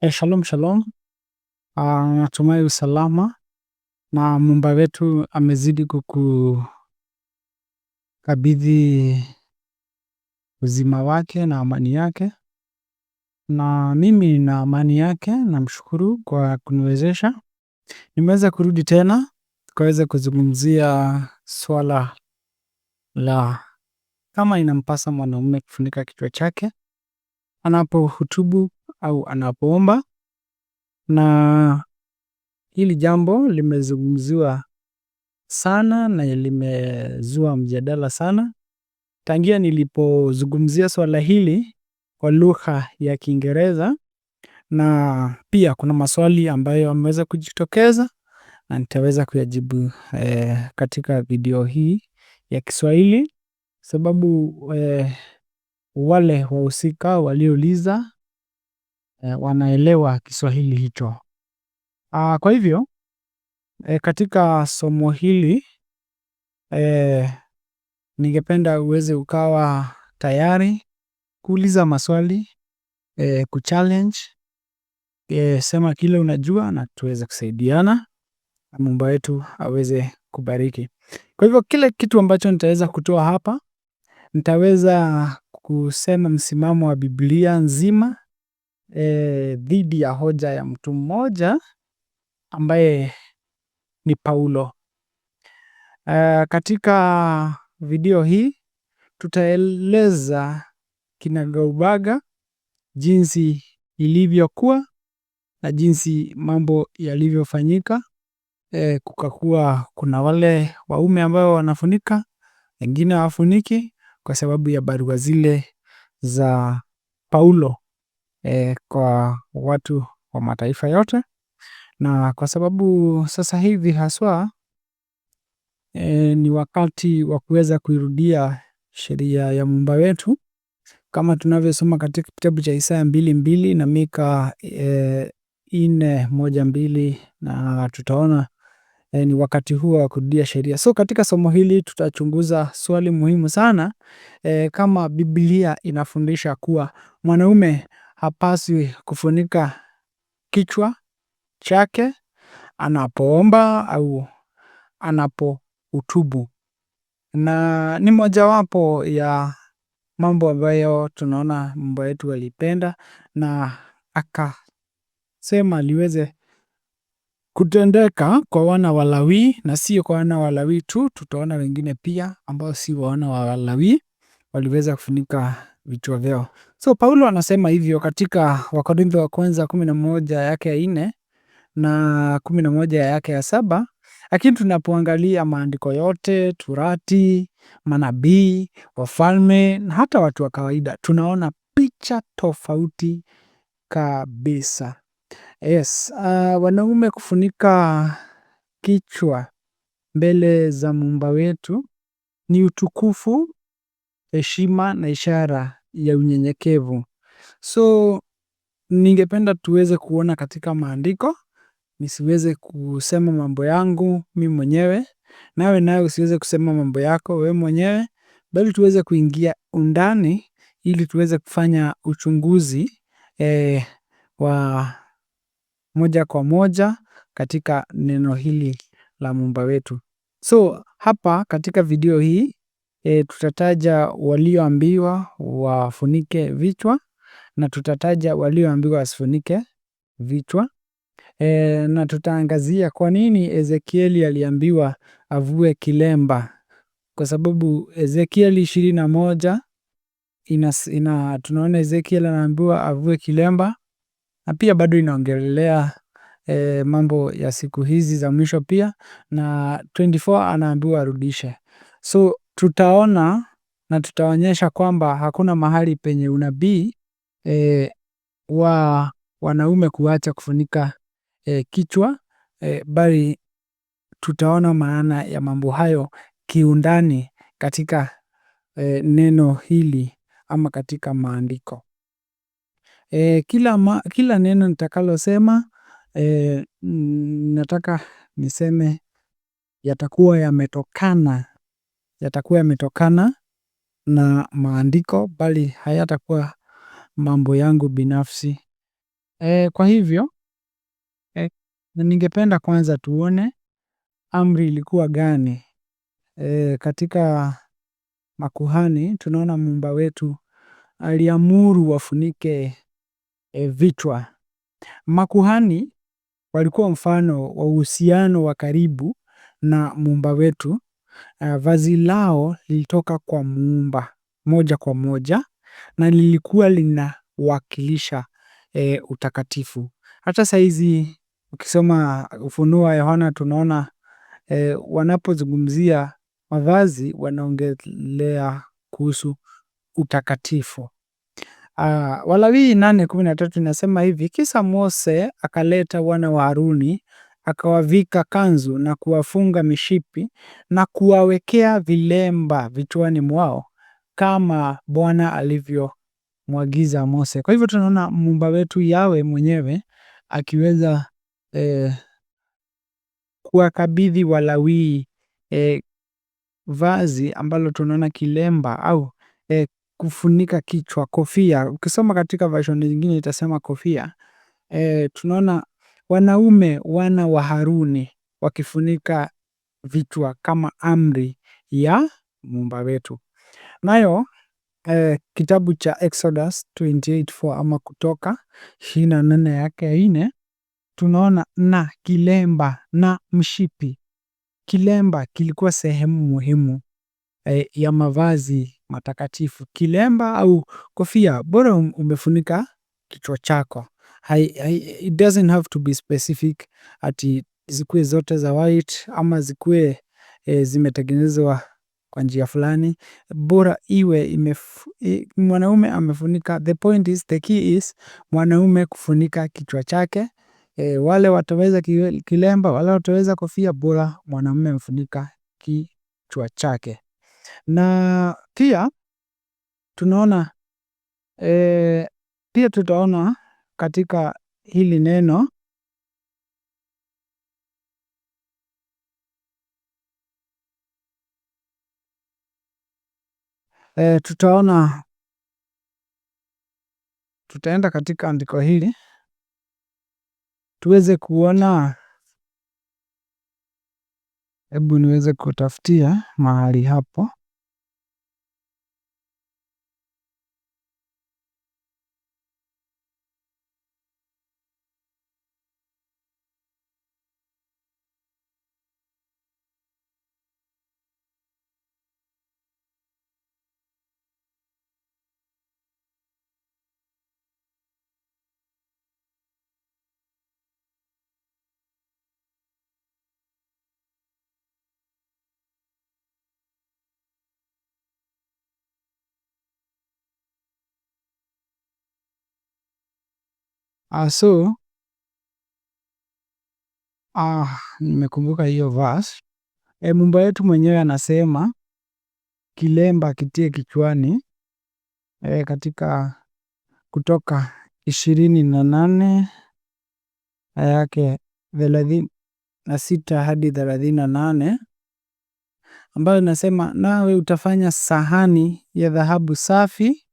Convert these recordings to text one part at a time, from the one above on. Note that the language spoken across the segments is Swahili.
E, shalom shalom. Ah, natumai usalama na mumba wetu amezidi kukukabidhi uzima wake na amani yake, na mimi na amani yake namshukuru kwa kuniwezesha nimeweza kurudi tena tukaweza kuzungumzia swala la kama inampasa mwanaume kufunika kichwa chake anapohutubu au anapoomba, na hili jambo limezungumziwa sana na limezua mjadala sana tangia nilipozungumzia swala hili kwa lugha ya Kiingereza, na pia kuna maswali ambayo ameweza kujitokeza na nitaweza kuyajibu eh, katika video hii ya Kiswahili sababu eh, wale wahusika waliouliza Eh, wanaelewa Kiswahili hicho. Aa, ah, kwa hivyo e, katika somo hili e, ningependa uweze ukawa tayari kuuliza maswali e, kuchallenge e, sema kile unajua na tuweze kusaidiana na Muumba wetu aweze kubariki. Kwa hivyo kile kitu ambacho nitaweza kutoa hapa, nitaweza kusema msimamo wa Biblia nzima e, dhidi ya hoja ya mtu mmoja ambaye ni Paulo. E, katika video hii tutaeleza kinagaubaga jinsi ilivyokuwa na jinsi mambo yalivyofanyika. E, kukakuwa kuna wale waume ambao wanafunika, wengine hawafuniki kwa sababu ya barua zile za Paulo eh, kwa watu wa mataifa yote, na kwa sababu sasa hivi haswa eh, ni wakati wa kuweza kuirudia sheria ya Muumba wetu kama tunavyosoma katika kitabu cha Isaya mbili mbili na Mika eh, ine moja mbili na tutaona eh, ni wakati huo wa kurudia sheria. So katika somo hili tutachunguza swali muhimu sana eh, kama Biblia inafundisha kuwa mwanaume hapaswi kufunika kichwa chake anapoomba au anapo utubu na ni mojawapo ya mambo ambayo tunaona Mungu yetu alipenda na akasema liweze kutendeka kwa wana wa Lawi, na sio kwa wana wa Lawi tu, tutaona wengine pia ambao si wana wa Lawi waliweza kufunika vichwa vyao. So Paulo anasema hivyo katika Wakorintho wa kwanza kumi na moja yake ya nne na kumi na moja yake ya saba lakini tunapoangalia maandiko yote, Torati, manabii, wafalme na hata watu wa kawaida, tunaona picha tofauti kabisa. Yes, uh, wanaume kufunika kichwa mbele za muumba wetu ni utukufu, heshima na ishara ya unyenyekevu. So ningependa tuweze kuona katika maandiko, nisiweze kusema mambo yangu mi mwenyewe, nawe nayo usiweze kusema mambo yako we mwenyewe, bali tuweze kuingia undani ili tuweze kufanya uchunguzi eh, wa moja kwa moja katika neno hili la muumba wetu. So hapa katika video hii e, tutataja walioambiwa wafunike vichwa na tutataja walioambiwa wasifunike vichwa e, na tutaangazia kwa nini Ezekieli aliambiwa avue kilemba, kwa sababu Ezekieli ishirini na moja ina, ina, tunaona Ezekieli anaambiwa avue kilemba na pia bado inaongelelea e, mambo ya siku hizi za mwisho pia, na 24 anaambiwa arudishe. So tutaona na tutaonyesha kwamba hakuna mahali penye unabii e, wa wanaume kuacha kufunika e, kichwa e, bali tutaona maana ya mambo hayo kiundani katika e, neno hili ama katika maandiko. E, kila, ma, kila neno nitakalosema e, nataka niseme yatakuwa yametokana yatakuwa yametokana na maandiko, bali hayatakuwa mambo yangu binafsi. E, kwa hivyo e, ningependa kwanza tuone amri ilikuwa gani e, katika makuhani tunaona muumba wetu aliamuru wafunike e, vichwa. Makuhani walikuwa mfano wa uhusiano wa karibu na muumba wetu Eh, vazi lao lilitoka kwa muumba moja kwa moja na lilikuwa linawakilisha eh, utakatifu. Hata saizi ukisoma ufunuo wa Yohana tunaona eh, wanapozungumzia mavazi wanaongelea kuhusu utakatifu. Ah, Walawi nane kumi na tatu inasema hivi: Kisa Mose akaleta wana wa Haruni akawavika kanzu na kuwafunga mishipi na kuwawekea vilemba vichwani mwao kama Bwana alivyomwagiza Mose. Kwa hivyo tunaona muumba wetu Yawe mwenyewe akiweza eh, kuwakabidhi Walawii eh, vazi ambalo tunaona kilemba au eh, kufunika kichwa, kofia. Ukisoma katika version nyingine itasema kofia. Eh, tunaona Wanaume wana wa Haruni wakifunika vichwa kama amri ya Muumba wetu. Nayo eh, kitabu cha Exodus 28:4 ama Kutoka ishirini nane yake ya nne tunaona na kilemba na mshipi. Kilemba kilikuwa sehemu muhimu eh, ya mavazi matakatifu. Kilemba au kofia bora umefunika kichwa chako i I, it doesn't have to be specific ati zikuwe zote za white ama zikuwe e, zimetengenezwa kwa njia fulani, bora iwe imef, mwanaume amefunika. The point is, the key is mwanaume kufunika kichwa chake. E, wale wataweza kilemba, wale wataweza kofia, bora mwanaume amefunika kichwa chake. Na pia tunaona e, pia tutaona katika hili neno e, tutaona tutaenda katika andiko hili tuweze kuona. Hebu niweze kutafutia mahali hapo. Ah, so ah, nimekumbuka hiyo verse. Eh, Mumba yetu mwenyewe anasema kilemba kitie kichwani, e, katika Kutoka ishirini na nane ayake yake thelathini na sita hadi thelathini na nane ambayo inasema nawe utafanya sahani ya dhahabu safi,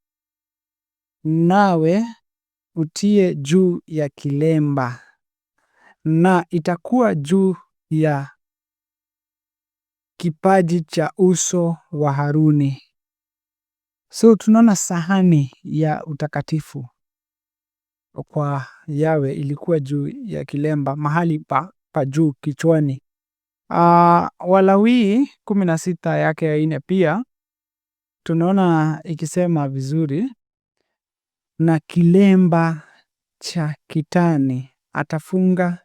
nawe utie juu ya kilemba na itakuwa juu ya kipaji cha uso wa Haruni. So tunaona sahani ya utakatifu kwa yawe ilikuwa juu ya kilemba mahali pa, pa juu kichwani. Uh, ah, Walawii kumi na sita yake ya ine pia tunaona ikisema vizuri na kilemba cha kitani atafunga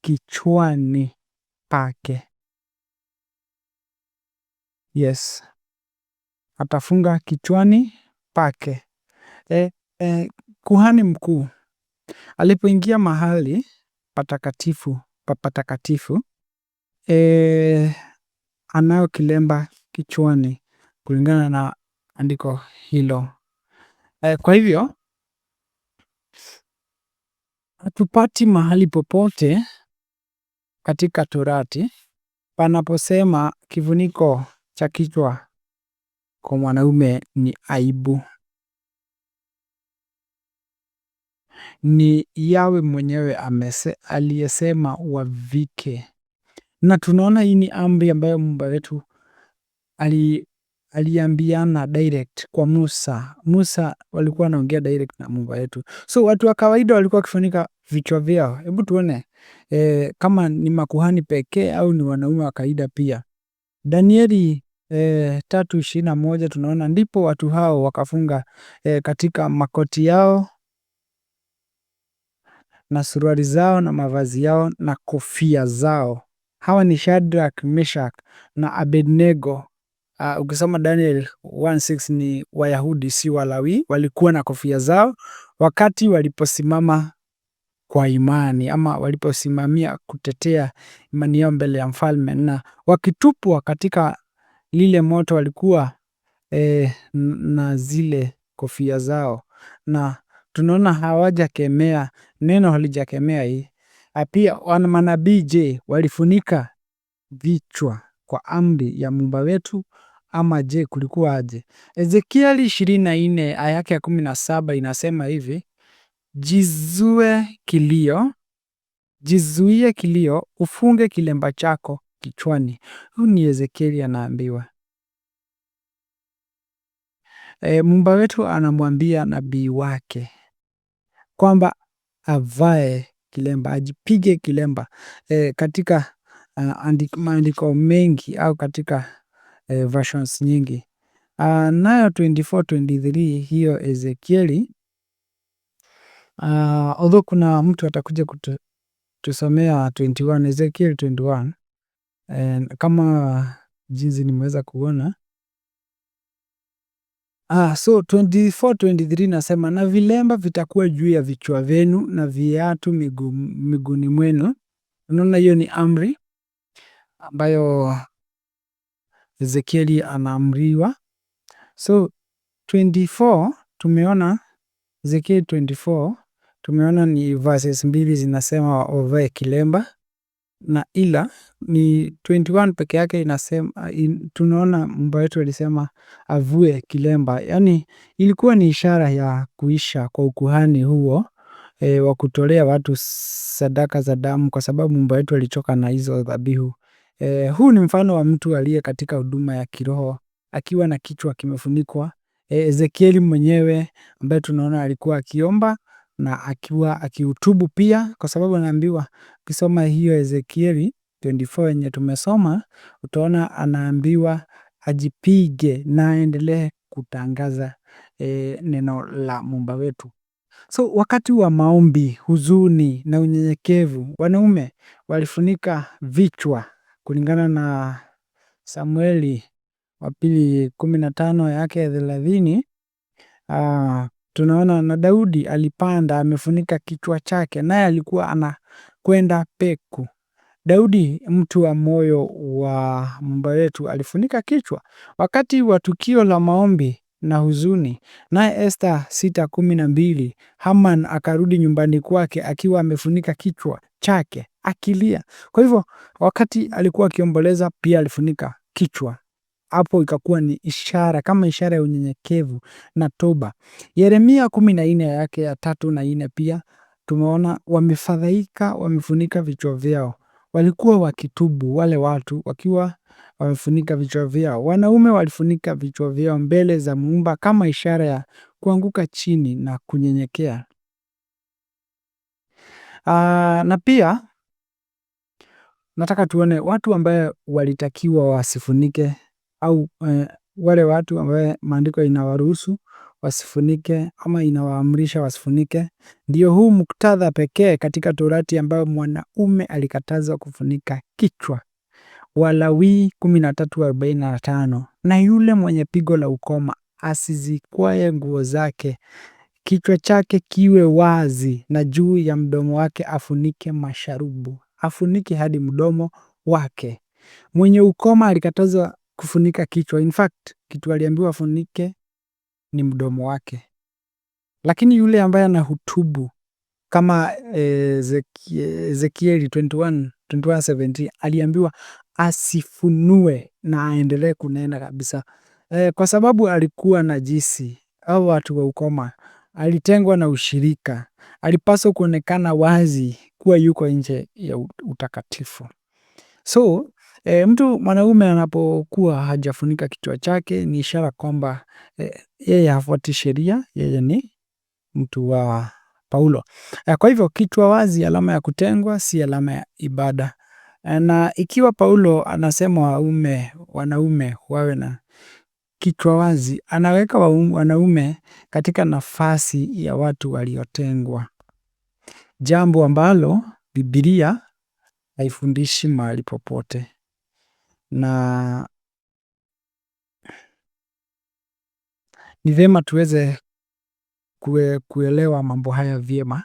kichwani pake. Yes, atafunga kichwani pake. E, e, kuhani mkuu alipoingia mahali patakatifu papatakatifu e, anayo kilemba kichwani kulingana na andiko hilo. E, kwa hivyo Hatupati mahali popote katika Torati panaposema kifuniko cha kichwa kwa mwanaume ni aibu. Ni Yawe mwenyewe aliyesema wavike, na tunaona hii ni amri ambayo mumba wetu ali aliambiana direct kwa Musa. Musa walikuwa wanaongea direct na Mungu wetu, so watu wa kawaida walikuwa wakifunika vichwa vyao. Hebu tuone e, kama ni makuhani pekee au ni wanaume wa kawaida pia. Danieli e, tatu ishirini na moja tunaona ndipo watu hao wakafunga e, katika makoti yao na suruali zao na mavazi yao na kofia zao. Hawa ni Shadrach, Meshach na Abednego Uh, ukisoma Daniel 1:6 ni Wayahudi si Walawi walikuwa na kofia zao wakati waliposimama kwa imani ama waliposimamia kutetea imani yao mbele ya mfalme, na wakitupwa katika lile moto walikuwa e, na zile kofia zao, na tunaona hawajakemea neno, halijakemea hii. Ah, pia wana manabii, je, walifunika vichwa kwa amri ya Muumba wetu? ama je, kulikuwa aje? Ezekieli ishirini na aya yake ya kumi na saba inasema hivi: jizue kilio, jizuie kilio, ufunge kilemba chako kichwani. Huyu ni Ezekieli anaambiwa e, Mumba wetu anamwambia nabii wake kwamba avae kilemba, ajipige kilemba e, katika uh, maandiko mengi au katika eh, versions nyingi. Uh, nayo 24 23 hiyo Ezekieli uh, although kuna mtu atakuja kutusomea 21 Ezekiel 21 and, kama jinsi nimeweza kuona Ah, so 24 23 nasema, na vilemba vitakuwa juu ya vichwa vyenu na viatu miguuni mwenu. Unaona, hiyo ni amri ambayo Ezekieli anaamriwa. So 24 tumeona Ezekieli 24 tumeona ni verses mbili zinasema waovae kilemba na ila ni 21 peke yake inasema in, tunaona mumba wetu alisema avue kilemba, yaani ilikuwa ni ishara ya kuisha kwa ukuhani huo e, wa kutolea watu sadaka za damu, kwa sababu mumba wetu alichoka na hizo dhabihu E, huu ni mfano wa mtu aliye katika huduma ya kiroho akiwa na kichwa kimefunikwa. E, Ezekieli mwenyewe ambaye tunaona alikuwa akiomba na akiwa akihutubu pia, kwa sababu anaambiwa ukisoma hiyo Ezekieli 24 yenye tumesoma utaona anaambiwa ajipige na aendelee kutangaza e, neno la Muumba wetu. So wakati wa maombi, huzuni na unyenyekevu, wanaume walifunika vichwa kulingana na Samueli wa pili kumi na tano yake ya thelathini ah, tunaona na Daudi alipanda amefunika kichwa chake, naye alikuwa anakwenda peku. Daudi mtu wa moyo wa mumba wetu alifunika kichwa wakati wa tukio la maombi na huzuni. Naye Esta sita kumi na mbili Haman akarudi nyumbani kwake akiwa amefunika kichwa chake akilia. Kwa hivyo wakati alikuwa akiomboleza pia alifunika kichwa. Hapo ikakuwa ni ishara kama ishara ya unyenyekevu na toba. Yeremia kumi na nne yake ya tatu na nne pia tumeona wamefadhaika, wamefunika vichwa vyao. Walikuwa wakitubu wale watu wakiwa wamefunika vichwa vyao. Wanaume walifunika vichwa vyao mbele za Muumba kama ishara ya kuanguka chini na kunyenyekea. Aa, na pia nataka tuone watu ambaye walitakiwa wasifunike au eh, wale watu ambaye maandiko inawaruhusu wasifunike ama inawaamrisha wasifunike. Ndio huu muktadha pekee katika Torati ambayo mwanaume alikatazwa kufunika kichwa. Walawi 13:45 na yule mwenye pigo la ukoma asizikwaye nguo zake, kichwa chake kiwe wazi, na juu ya mdomo wake afunike masharubu afunike hadi mdomo wake. Mwenye ukoma alikatazwa kufunika kichwa. In fact, kitu aliambiwa afunike ni mdomo wake. Lakini yule ambaye anahutubu kama eh, Ezekieli 21, 21:17 aliambiwa asifunue na aendelee kunena kabisa. E, kwa sababu alikuwa najisi au watu wa ukoma, alitengwa na ushirika, alipaswa kuonekana wazi kuwa yuko nje ya utakatifu. So e, mtu mwanaume anapokuwa hajafunika kichwa chake ni ishara kwamba e, yeye hafuati sheria, yeye ni mtu wa Paulo. E, kwa hivyo kichwa wazi, alama ya kutengwa, si alama ya ibada. E, na ikiwa Paulo anasema waume wanaume wawe na kichwa wazi, anaweka wanaume katika nafasi ya watu waliotengwa jambo ambalo Biblia haifundishi mahali popote, na ni vyema tuweze kue, kuelewa mambo haya vyema.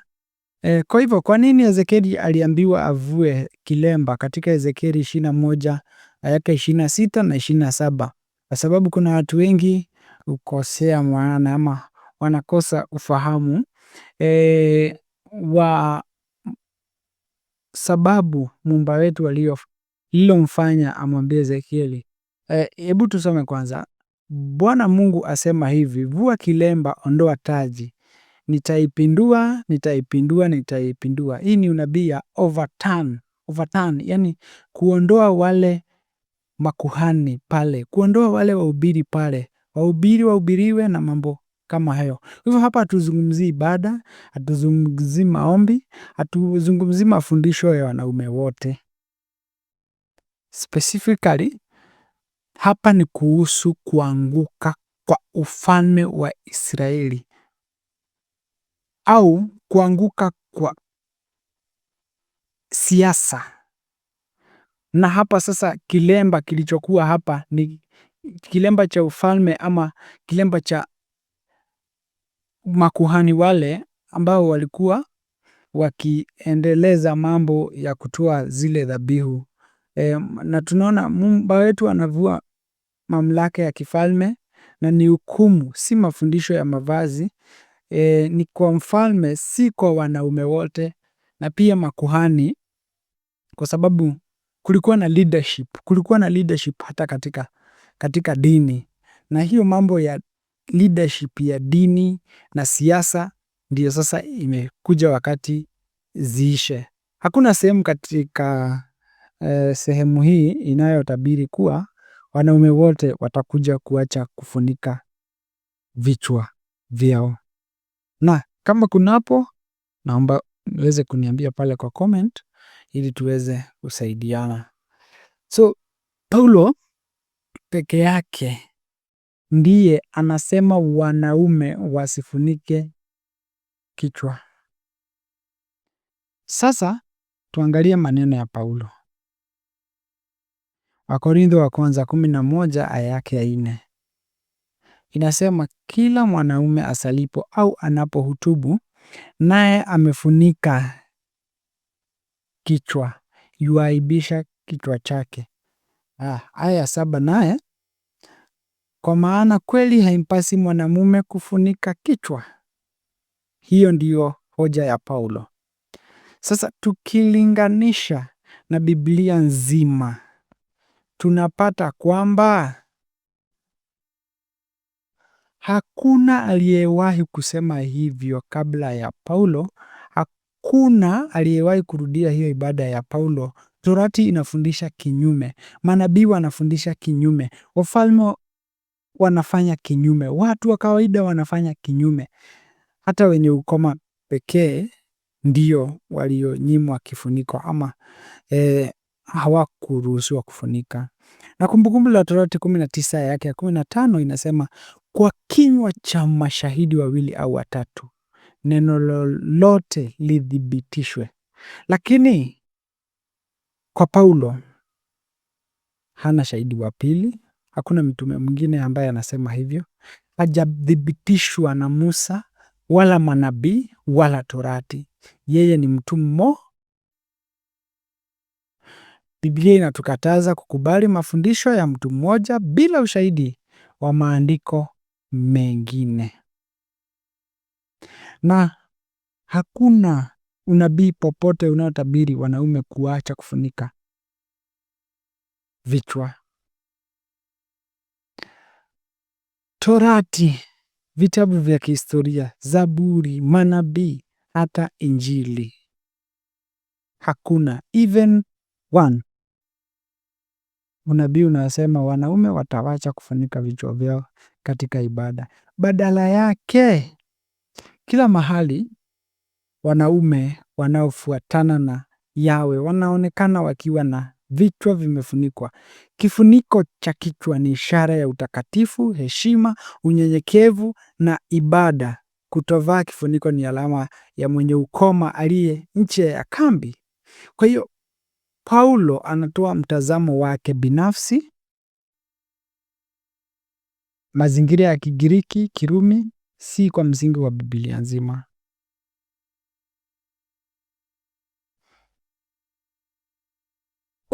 E, kwa hivyo kwa nini Ezekieli aliambiwa avue kilemba katika Ezekieli ishirini na moja ayaka ishirini na sita na ishirini na saba Kwa sababu kuna watu wengi ukosea maana ama wanakosa ufahamu e, wa sababu Muumba wetu lilomfanya amwambie Ezekieli. Eh, hebu e, tusome kwanza. Bwana Mungu asema hivi, vua kilemba, ondoa taji, nitaipindua, nitaipindua, nitaipindua. Hii ni unabii ya overturn, overturn, yani kuondoa wale makuhani pale, kuondoa wale wahubiri pale, wahubiri wahubiriwe na mambo kama hayo. Kwa hivyo hapa hatuzungumzii ibada, hatuzungumzii maombi, hatuzungumzii mafundisho ya wanaume wote. Specifically hapa ni kuhusu kuanguka kwa ufalme wa Israeli au kuanguka kwa siasa. Na hapa sasa, kilemba kilichokuwa hapa ni kilemba cha ufalme ama kilemba cha makuhani wale ambao walikuwa wakiendeleza mambo ya kutoa zile dhabihu e, na tunaona mumba wetu anavua mamlaka ya kifalme na ni hukumu, si mafundisho ya mavazi e, ni kwa mfalme, si kwa wanaume wote na pia makuhani, kwa sababu kulikuwa na leadership, kulikuwa na leadership hata katika, katika dini na hiyo mambo ya leadership ya dini na siasa ndiyo sasa imekuja wakati ziishe. Hakuna sehemu katika eh, sehemu hii inayotabiri kuwa wanaume wote watakuja kuacha kufunika vichwa vyao, na kama kunapo, naomba niweze kuniambia pale kwa comment ili tuweze kusaidiana. So Paulo peke yake ndiye anasema wanaume wasifunike kichwa. Sasa tuangalie maneno ya Paulo. Wakorintho wa kwanza kumi aya yake ya ine inasema, kila mwanaume asalipo au anapohutubu naye amefunika kichwa yuaibisha kichwa chake. Ah, aya ya saba naye kwa maana kweli haimpasi mwanamume kufunika kichwa. Hiyo ndiyo hoja ya Paulo. Sasa tukilinganisha na Biblia nzima, tunapata kwamba hakuna aliyewahi kusema hivyo kabla ya Paulo. Hakuna aliyewahi kurudia hiyo ibada ya Paulo. Torati inafundisha kinyume, manabii wanafundisha kinyume, wafalme wanafanya kinyume, watu wa kawaida wanafanya kinyume. Hata wenye ukoma pekee ndio walionyimwa kifuniko ama e, hawakuruhusiwa kufunika. Na Kumbukumbu la Torati kumi na tisa yake ya kumi na tano inasema kwa kinywa cha mashahidi wawili au watatu neno lolote lithibitishwe. Lakini kwa Paulo hana shahidi wa pili, Hakuna mtume mwingine ambaye anasema hivyo, hajathibitishwa na Musa wala manabii wala Torati. Yeye ni mtu mmo. Biblia inatukataza kukubali mafundisho ya mtu mmoja bila ushahidi wa maandiko mengine, na hakuna unabii popote unaotabiri wanaume kuacha kufunika vichwa Torati, vitabu vya kihistoria, Zaburi, manabii, hata Injili, hakuna even one unabii unasema wanaume watawacha kufunika vichwa vyao katika ibada. Badala yake kila mahali wanaume wanaofuatana na Yawe wanaonekana wakiwa na vichwa vimefunikwa. Kifuniko cha kichwa ni ishara ya utakatifu, heshima, unyenyekevu na ibada. Kutovaa kifuniko ni alama ya mwenye ukoma aliye nje ya kambi. Kwa hiyo Paulo anatoa mtazamo wake binafsi, mazingira ya Kigiriki, Kirumi, si kwa msingi wa Biblia nzima.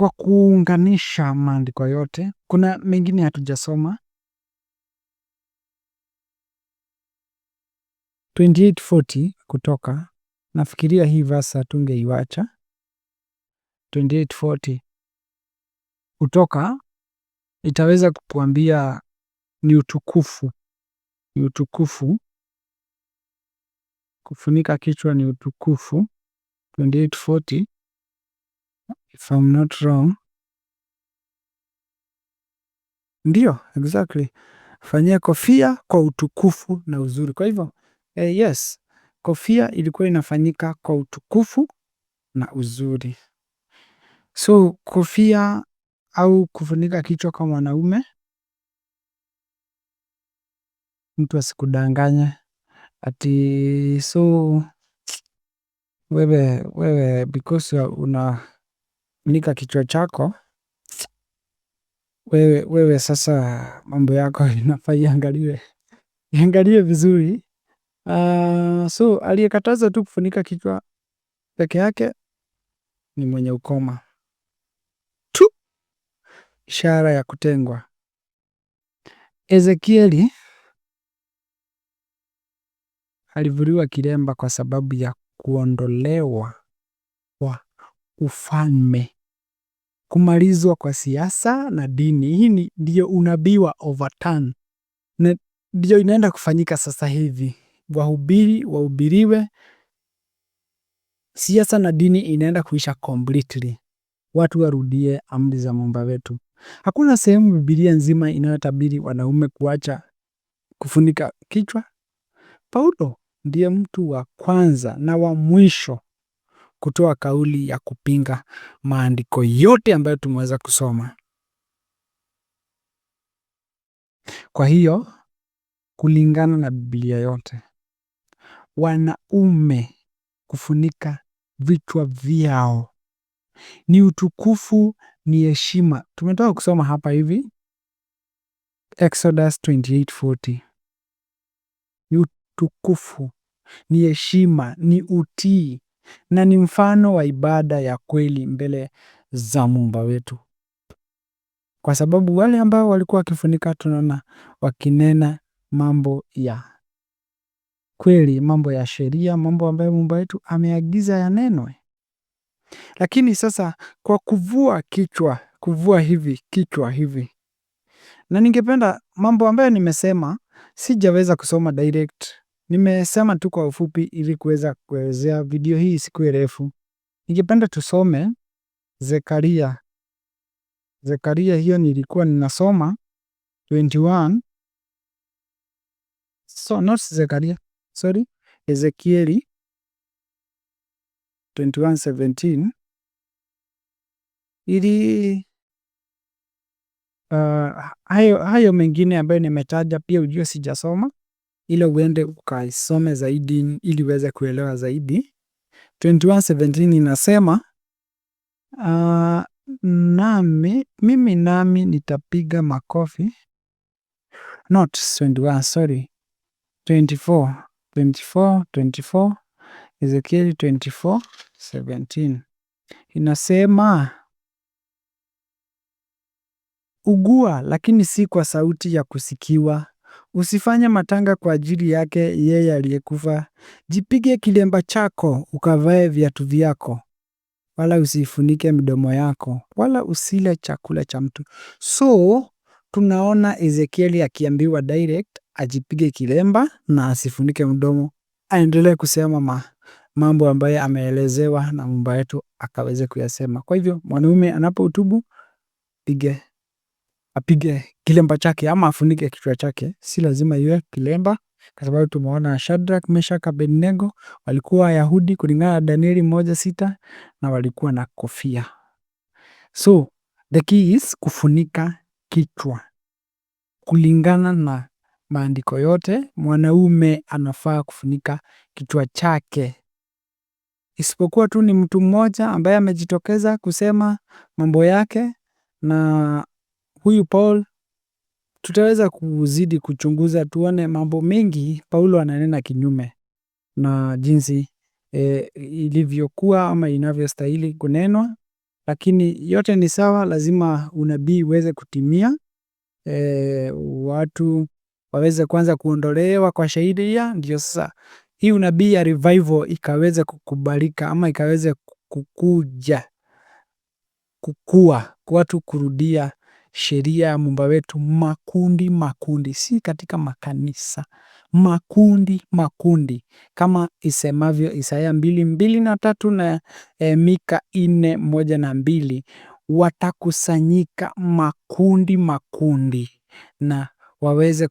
kwa kuunganisha maandiko yote. Kuna mengine hatujasoma. 2840 Kutoka, nafikiria hii vasa tungeiwacha 2840 Kutoka itaweza kukuambia ni utukufu, ni utukufu kufunika kichwa, ni utukufu 2840 if I'm not wrong. Ndiyo, exactly. Fanyia kofia kwa utukufu na uzuri. Kwa hivyo, eh, yes, kofia ilikuwa inafanyika kwa utukufu na uzuri. So, kofia au kufunika kichwa kwa mwanaume, mtu asikudanganye. Ati, so, wewe, wewe, because una nika kichwa chako wewe, wewe sasa mambo yako inafaa iangaliwe iangaliwe vizuri. Uh, so aliyekataza tu kufunika kichwa peke yake ni mwenye ukoma tu, ishara ya kutengwa. Ezekieli alivuliwa kilemba kwa sababu ya kuondolewa ufalme, kumalizwa kwa siasa na dini. Hii ndio unabii wa overturn, na ndio inaenda kufanyika sasa hivi. Wahubiri wahubiriwe, siasa na dini inaenda kuisha completely, watu warudie amri za Muumba wetu. Hakuna sehemu Biblia nzima inayotabiri wanaume kuacha kufunika kichwa. Paulo ndiye mtu wa kwanza na wa mwisho kutoa kauli ya kupinga maandiko yote ambayo tumeweza kusoma. Kwa hiyo kulingana na Biblia yote, wanaume kufunika vichwa vyao ni utukufu, ni heshima. Tumetoka kusoma hapa hivi Exodus 28:40 ni utukufu, ni heshima, ni utii, na ni mfano wa ibada ya kweli mbele za Muumba wetu, kwa sababu wale ambao walikuwa wakifunika tunaona wakinena mambo ya kweli, mambo ya sheria, mambo ambayo Muumba wetu ameagiza yanenwe. Lakini sasa kwa kuvua kichwa, kuvua hivi kichwa hivi, na ningependa mambo ambayo nimesema sijaweza kusoma direct Nimesema tu kwa ufupi ili kuweza kuelezea video hii siku refu. Ningependa tusome Zekaria. Zekaria hiyo nilikuwa ninasoma 21. So not Zekaria. Sorry. Ezekieli 21:17 ili uh, hayo, hayo mengine ambayo nimetaja pia ujue sijasoma, ila uende ukaisome zaidi ili uweze kuelewa zaidi. 21:17 inasema uh, ah, nami mimi nami nitapiga makofi not 21 sorry 24 24 24 Ezekieli 17 inasema ugua, lakini si kwa sauti ya kusikiwa Usifanye matanga kwa ajili yake yeye aliyekufa. Jipige kilemba chako, ukavae viatu vyako, wala usifunike midomo yako, wala usile chakula cha mtu. So tunaona Ezekieli akiambiwa direct ajipige kilemba na asifunike mdomo, aendelee kusema ma mambo ambayo ameelezewa na mumba yetu akaweze kuyasema. Kwa hivyo mwanaume anapohutubu, pige apige kilemba chake ama afunike kichwa chake. Si lazima iwe kilemba, kwa sababu tumeona Shadrach, Meshach, Abednego walikuwa Wayahudi kulingana na Danieli moja sita na walikuwa na kofia. So the key is kufunika kichwa kulingana na maandiko yote, mwanaume anafaa kufunika kichwa chake, isipokuwa tu ni mtu mmoja ambaye amejitokeza kusema mambo yake na huyu Paul tutaweza kuzidi kuchunguza tuone mambo mengi Paulo ananena kinyume na jinsi e, ilivyokuwa ama inavyostahili kunenwa, lakini yote ni sawa, lazima unabii uweze kutimia. E, watu waweze kwanza kuondolewa kwa ya ndio sasa hii unabii ya revival ikaweze kukubalika ama ikaweze kukuja kukua, watu kurudia sheria ya Muumba wetu makundi makundi, si katika makanisa, makundi makundi kama isemavyo Isaya mbili mbili na tatu na e, Mika nne moja na mbili watakusanyika makundi makundi na waweze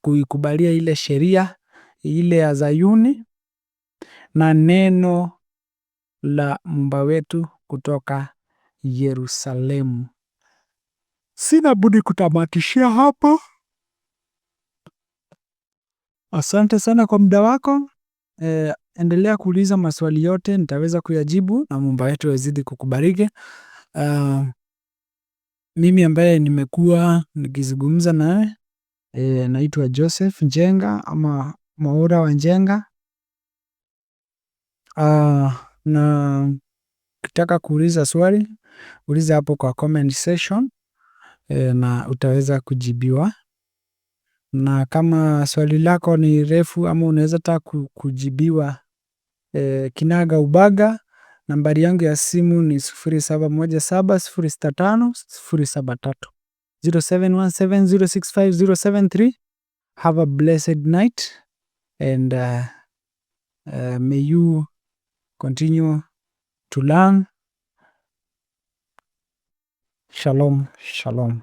kuikubalia ile sheria ile ya Zayuni na neno la Muumba wetu kutoka Yerusalemu. Sina budi kutamatishia hapo. Asante sana kwa muda wako. E, endelea kuuliza maswali yote nitaweza kuyajibu na Muumba wetu azidi kukubariki. Uh, mimi ambaye nimekuwa nikizungumza naye e, naitwa Joseph Njenga ama Mwaura wa Njenga. Uh, na kitaka kuuliza swali uliza hapo kwa comment section. Eh, na utaweza kujibiwa. Na kama swali lako ni refu ama unaweza taka kujibiwa eh, kinaga ubaga, nambari yangu ya simu ni 0717065073 0717065073. Have a blessed night and uh, eh, may you continue to learn Shalom, shalom.